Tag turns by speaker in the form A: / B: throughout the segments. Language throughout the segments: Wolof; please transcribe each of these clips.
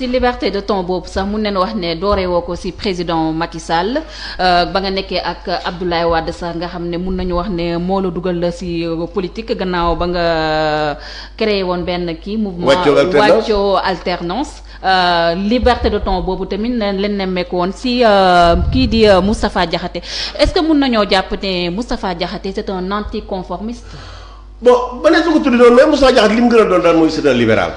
A: ci liberté de ton boobu sax mun nañu wax ne dooree woo ko ci président Macky Sall euh, ba nga nekkee ak Abdoulaye Wade sax nga xam ne mun nañu wax ne moo la dugal la ci euh, politik gannaaw ba nga euh, créé woon benn kii. mouvement wàccoo alternance liberté de ton boobu tamit leen nemmeeku woon ci kii di Moustapha Diakhaté est-ce que mun nañoo jàpp ne Moustapha Diakhaté c'est un anticonformiste.
B: bon ba léegi su ko tudd noonu mais Moustapha Diakhaté li mu doon daal mooy c'est un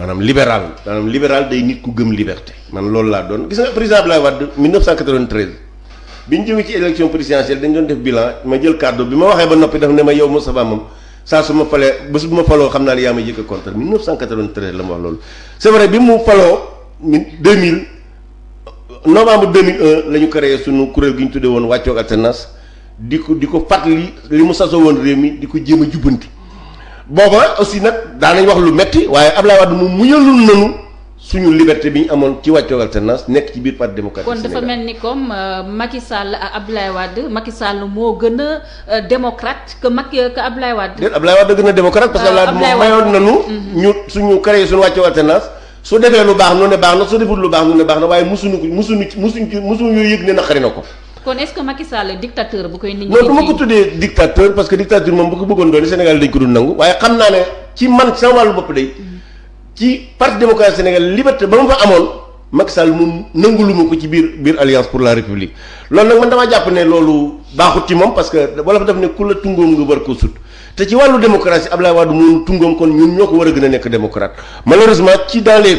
B: maanaam libéral maanaam libéral day nit ku gëm liberté man loolu laa doon gis nga président Abdoulaye Wade 1993 bi ñu jëmee ci élection présidentielle dañ doon def bilan ma jël kàddu bi ma waxee ba noppi daf ne ma yow Moustapha moom saa su ma falee bés bu ma faloo xam naa ne yaa ma jëkk a contre 1993 la ma wax loolu c'est bi mu faloo 2000 novembre 2001 la ñu créé sunu kuréel gi ñu tuddee woon wàccoog alternance di ko di ko fàttali li mu sasoo woon réew mi di ko jéem a jubbanti booba aussi nag daan nañ wax lu metti waaye ab Abdoulaye moom mu muñalul nanu suñu liberté bi ñu amoon ci wàccu alternance nekk ci biir parti démocratique kon dafa mel
A: ni comme euh, Macky Sall ak euh, Abdoulaye Wade Macky Sall moo gën a euh, démocrate que Macky que Abdoulaye Wade. déedéet
B: Abdoulaye Wade gën a démocrate parce que Abdoulaye Wade moom mayoon mm-hmm. nanu ñu suñu créé suñu wàccu alternance su defee lu baax nu ne baax na su deful lu baax nu ne baax na waaye musuñu ko musuñu musuñu musuñu yëg ne naqari na ko
A: kon est-ce que Macky Sall dictateur bu koy. nit ñi non du ma ko
B: tuddee dictateur parce que dictature moom bu ko bëggoon doon Sénégal dañ ko dul nangu waaye xam naa ne ci man sama wàllu bopp day ci parti démocratique Sénégal liberté ba ma fa amoon Macky Sall moom nangulu ma ko ci biir biir alliance pour la république loolu nag man dama jàpp ne loolu baaxut ci moom parce que wala fa def ne ku la tungoom nga war koo sut te ci wàllu démocratie Abdoulaye Wade ñoo ko war a gën a nekk démocrate malheureusement ci dans les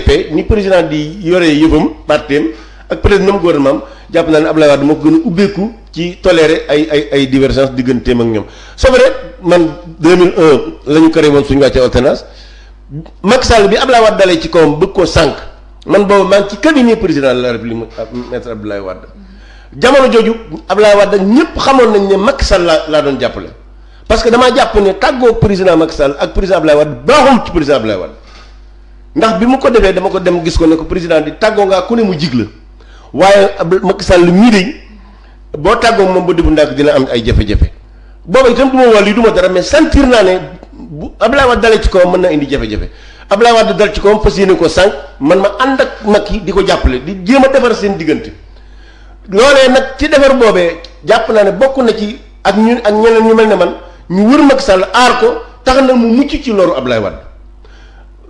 B: jàpp naa ne Abdoulaye Wade moo ko gën a ubbeeku ci toléré ay ay ay divergence digganteem ak ñoom c'est vrai man mille la ñu créé woon suñu wàccee alternance Macky Sall bi Abdoulaye Wade dalee ci kawam bëgg ko sànq man boobu maa ngi ci cabinet président de la république ah, maître Abdoulaye Wade jamono jooju Abdoulaye Wade ñëpp xamoon nañ ne Macky Sall laa doon jàppale parce que damaa jàpp ne tàggoo président Macky Sall ak président Abdoulaye Wade baaxul ci président Abdoulaye Wade ndax bi mu ko defee dama ko dem gis ko ne ko président di tàggoo ngaa ku ne mu jig la waaye Macky Sall mii de boo tàggoo moom ba déglu ndànk dina am ay jafe-jafe booba itam du ma wàll yi ma dara mais sentir naa ne bu Abdoulaye Wade dale ci kawam mën na indi jafe-jafe Abdoulaye Wade dal ci kawam fas yéene ko sànq man ma ànd ak yi di ko jàppale di jéem a defar seen diggante loolee nag ci defar boobee jàpp naa ne bokk na ci ak ñu ak ñeneen ñu mel ne man ñu wër Macky sàll aar ko tax na mu mucc ci loolu ab Abdoulaye Wade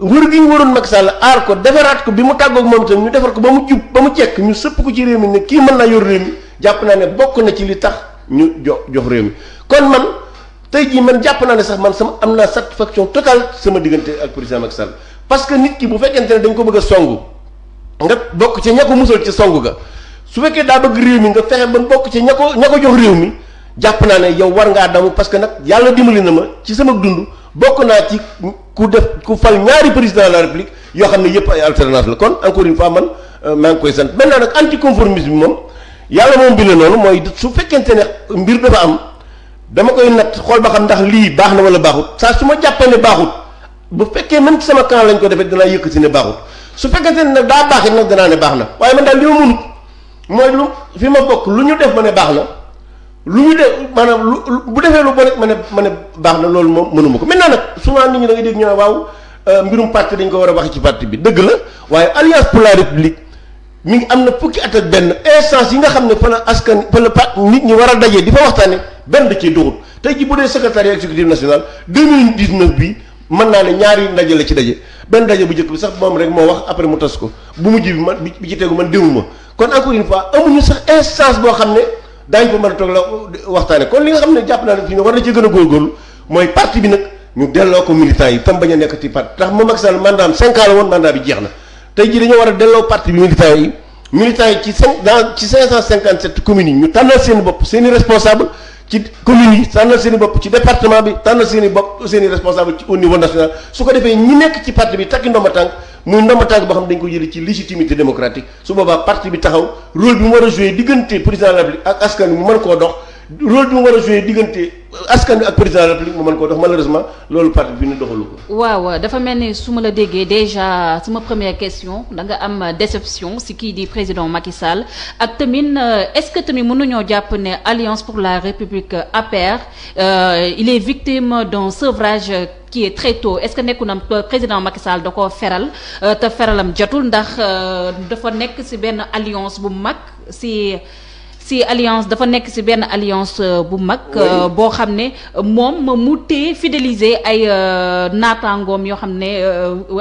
B: wër gi ñu waroon Macky Sall aar ko defaraat ko bi mu tàggoog moom itam ñu defar ko ba mu jub ba mu jekk ñu sëpp ko ci réew mi ne kii mën naa yor réew mi jàpp naa ne bokk na ci li tax ñu jox jox réew mi kon man tey jii man jàpp naa ne sax man sama am naa satisfaction totale sama diggante ak président Macky Sall parce que nit ki bu fekkente ne dañ ko bëgg a songu nga bokk ci ña ko musal ci songu su fekkee daa réew mi nga fexe ba bokk ci ña ko ña ko jox réew mi jàpp naa ne yow war ngaa damu parce que nag yàlla dimbali na ma ci sama dund bokk naa ci ku def ku fal ñaari président la république yoo xam ne yëpp ay alternance la kon encore yu fois man euh, maa ngi koy sant maintenant nag anticonformisme bi moom yàlla moom bi la noonu mooy su fekkente ne mbir dafa am dama koy natt xool ba xam ndax lii baax na wala baaxut saa su ma jàppee ne baaxut bu fekkee même ci sama camp lañ ko defee danaa yëkkati ne baaxut su fekkente ne nag daa baaxit nag danaa ne baax na waaye man daal li ma mënut mooy lu fi ma bokk lu ñu def ma ne baax na lu ñu def maanaam lu bu defee lu bon rek ma ne ma ne baax na loolu moom mënuma ko maintenant nag souvent nit ñi da nga dégg ñu waaw euh, mbirum parti dañ ko war a waxee ci parti bi dëgg la waaye alliance pour la république mi ngi am na fukki at ak benn instance yi nga xam ne fa la askan fa la pa war a dajee di fa waxtaane benn da ciy duxut ji bu dee secrétariat exécutif national 2019 bi mën naa ne ñaari ndaje la ci daje benn daje bu njëkk bi sax moom rek moo wax après mu tas ko bu mujj bi man bi ci tegu man déwuma kon encore une fois amuñu sax instance boo xam ne daañ ko mën a toog la waxtaane kon li nga xam ne jàpp naa ne fi ñu war na ci gën a góorgóorlu mooy parti bi nag ñu delloo ko militant yi tam bañ a nekkati parti tax moom Macky Sall mandaam cinq ans a delloo parti bi militant yi ñu tànnal seen bopp seen i responsable ci seen bopp ci département i bopp seen i responsable ci au ko defee ñi nekk ci parti bi takki ndomba tànk muy ndomba tànk boo xam dañ ko jëlee ci légitimité démocratique su boobaa parti bi taxaw rôle bi mu war a joué diggante président de ak askan mu mën koo dox rôle bi mu war a joué diggante askan bi ak président de la république mu mën koo dox malheureusement loolu parti bi ñu doxalu ko.
A: waaw dafa mel ni su ma la déggee déjà suma première question da nga am déception si kii di président Macky Sall ak tamit euh, est-ce que tamit mënuñoo jàpp ne alliance pour la république APR euh, il est victime sevrage qui est est-ce que nekku na président Macky Sall da ko feral euh, te feralam jotul ndax dafa nekk si benn alliance bu mag si. si alliance dafa nekk si benn alliance euh, bu mag euh, boo xam ne moom mu tee fidéliser ay euh, naataangoom yoo xam ne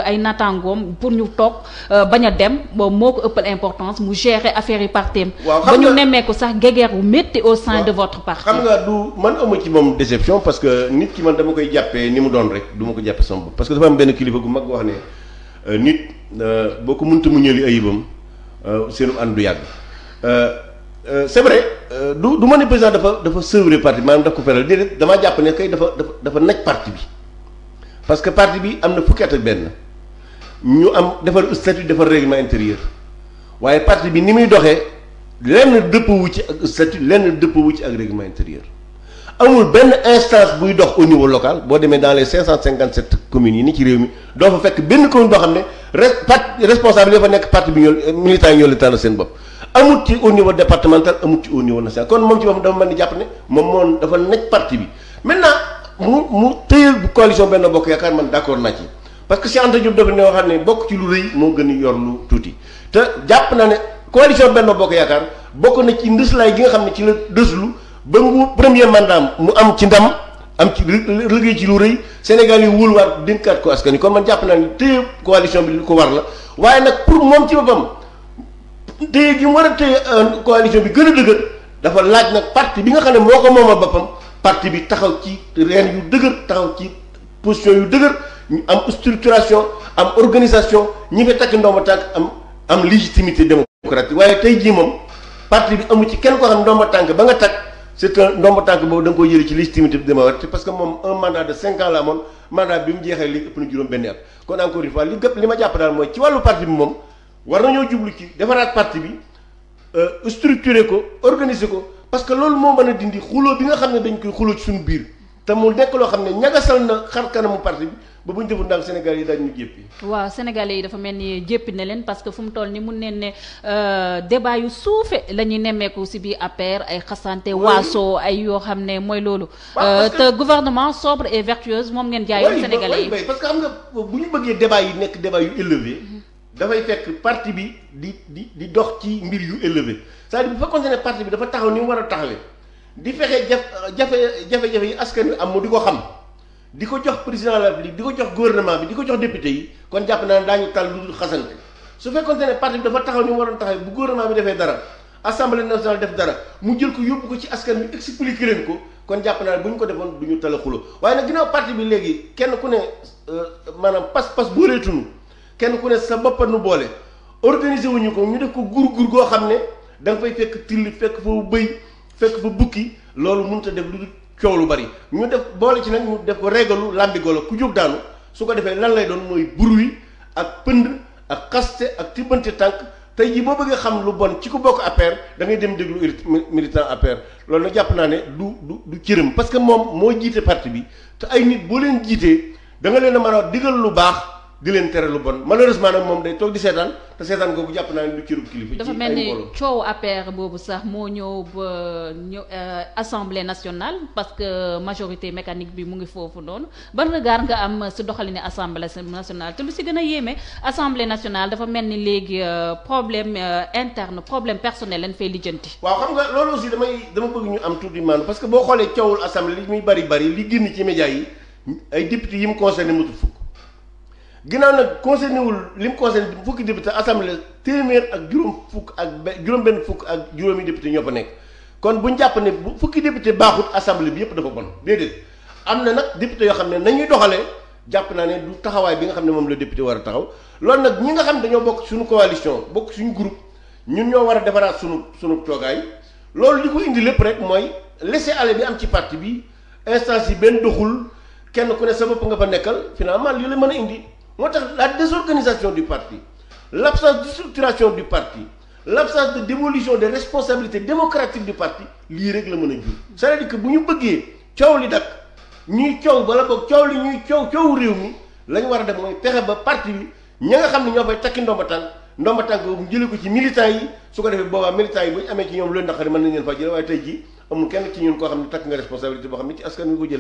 A: ay nataangoom pour ñu toog bañ a dem moo ko ëppal importance mu gérer affaire yi partem ba ñu nemmee ko sax guéguerre bu métti au sein de votre parti xam nga
B: du man amu ci moom déception parce que nit ki man dama koy jàppee ni mu doon rek du ko jàppe sama parce que dafa am benn kilifa gu mag wax ne nit boo ko mënta mu ñëli ayibam seenu ànd du yàgg Euh, c'est vrai euh, du du ma ne président dafa dafa sevrer parti maanaam daf ko feral déedéet damaa jàpp ne kay dafa dafa dafa naj parti bi parce que parti bi am na fukki ak benn ñu am defar statut defar règlement intérieur waaye parti bi ni muy doxee lenn dëpp wu ci ak statut lenn dëpp wu ci ak règlement intérieur amul benn instance buy dox au niveau local boo demee dans les 557 communes yi ni ci réew mi doo fa fekk benn commune boo ne parti bi ñoo militant yi ñoo leen tànn amut ci au niveau départemental amut ci au niveau national kon moom ci boppam dafa mën ni jàpp ne moom moo dafa nekk parti bi maintenant mu mu tëyal coalition benn bokk yaakaar man d'accord naa ci parce que si Anta Diop dafa ne xam bokk ci lu moo gën a yor lu tuuti te jàpp naa ne coalition benn bokk yaakaar bokk na ci ndëslaay gi nga xam ne ci la dëslu ba mu premier mandat mu am ci ndam am ci liggéey ci lu rëy Sénégal yi wóoluwaat dénkaat ko askan wi kon man jàpp naa ne tëye coalition bi lu ko war la waaye nag pour moom ci boppam. téye gi mu war a téye euh, coalition bi gën a dëgër dafa laaj nag parti bi nga xam ne moo ko moomal boppam parti bi taxaw ci reen yu dëgër taxaw ci position yu dëgër ñu am structuration am organisation ñi nga takk ndomba tànk am am légitimité démocratique waaye tey jii moom parti bi amu ci kenn koo xam ndomba tànk ba nga takk c'est un tànk boobu da koy yëri ci légitimité démocratique parce que moom un mandat de cinq amoon mandat bi mu jeexee li ëpp jàpp daal mooy ci wàllu parti bi moom war nañoo jublu ci defaraat parti bi euh, structurer ko organiser ko parce que loolu moo mën a dindi xuloo bi nga xam ne dañ koy xuloo ci suñu biir te mu nekk loo xam ne ñagasal na xar kanamu parti bi ba bu ñu defoon daal Sénégal yi dañu jéppi.
A: waaw sénégalais yi dafa mel ni jéppi na leen parce que fu mu toll ni mun neen ne euh, débat yu suufe la ñuy nemmeeku si biir APR ay xasante waaso ay yoo xam ne mooy loolu. Euh, te gouvernement sobre et vertueuse moom ngeen jaayoon. sénégalais
B: nga bu ñu bëggee débat yi nekk dafay fekk parti bi di di di dox ci mbir yu élevé c'est-à-dire bu fekkoon ne parti bi dafa taxaw ni mu war a taxawee di fexe jaf jafe jafe-jafe yi askan wi am mu di ko xam di ko jox président de la République di ko jox gouvernement bi di ko jox député yi kon jàpp naa ne daañu tal lu dul xasante su fekkoon ne parti bi dafa taxaw ni mu waroon taxawee bu gouvernement bi defee dara assemblée nationale def dara mu jël ko yóbbu ko ci askan wi expliqué leen ko kon jàpp naa ne bu ñu ko defoon du ñu tala xulo waaye nag ginnaaw parti bi léegi kenn ku ne euh, maanaam pas-pas booleetunu kenn ku ne sa bopp nu boole organiser wuñu ko ñu def ko gur-gur goo xam ne da nga fay fekk till fekk fa bëy fekk fa bukki loolu mënut a def lu coow lu bari ñu def boole ci nag ñu def ko régalu làmbigolo ku jóg daanu su ko defee lan lay doon mooy bruit ak pënd ak xaste ak tibbante tànk tey jii boo bëggee xam lu bon ci ku bokk APR da ngay dem déglu militant APR loolu nag jàpp naa ne du du du cëram parce que moom moo jiite parti bi te ay nit boo leen jiitee da nga leen a man a diggal lu baax di leen tere lu bon malheureusement nag moom day toog di seetaan te seetaan googu jàpp naa ne du cërub kilifa. dafa mel ni
A: coow APR boobu sax moo ñëw ba ñëw euh, assemblée parce que majorité mécanique bi mu ngi foofu noonu ban regard nga am si doxalin assemblée nationale te lu si gën a yéeme assemblée nationale dafa mel ni léegi euh, problème euh, interne problème personnel lañ fay lijjanti.
B: waaw xam nga loolu aussi damay dama bëgg ñu am tuuti maanaam parce que boo xoolee coowul assemblée li muy bari bari li génn ci média yi ay député yi mu concerné mu tudd ginnaaw nag concerné wul li mu concerné fukki député assemblée téeméer ak juróom fukk ak juróom benn fukk ak juróomi député ñoo fa nekk kon bu ñu jàpp bu fukki député baaxut assemblée bi yëpp dafa bon déedéet am na nag député yoo xam ne nañuy doxalee jàpp naa ne du taxawaay bi nga xam ne moom la député war a taxaw loolu nag ñi nga xam ne dañoo bokk suñu coalition bokk suñu group ñun ñoo war a defaraat suñu suñu coogaay loolu li ko indi lépp rek mooy laisser aller bi am ci parti bi instance yi benn doxul kenn ku ne sa bopp nga fa nekkal finalement li la mën a indi moo tax la désorganisation du parti l'absence de structuration du parti l'absence de dévolution des responsabilités démocratiques du parti lii rek la mën a jur c'est-à-dire bu ñu bëggee coow li dakk ñuy coow bala boog coow li ñuy coow coowu réew mi la ñu war a def mooy pexe ba parti bi ña nga xam ne ñoo fay takki ndomba tànk ndomba tànk boobu jëlee ko ci militants yi su ko defee boobaa militants yi bu amee ci ñoom lu leen naqari mën nañ leen faa jëlee waaye askan wi ko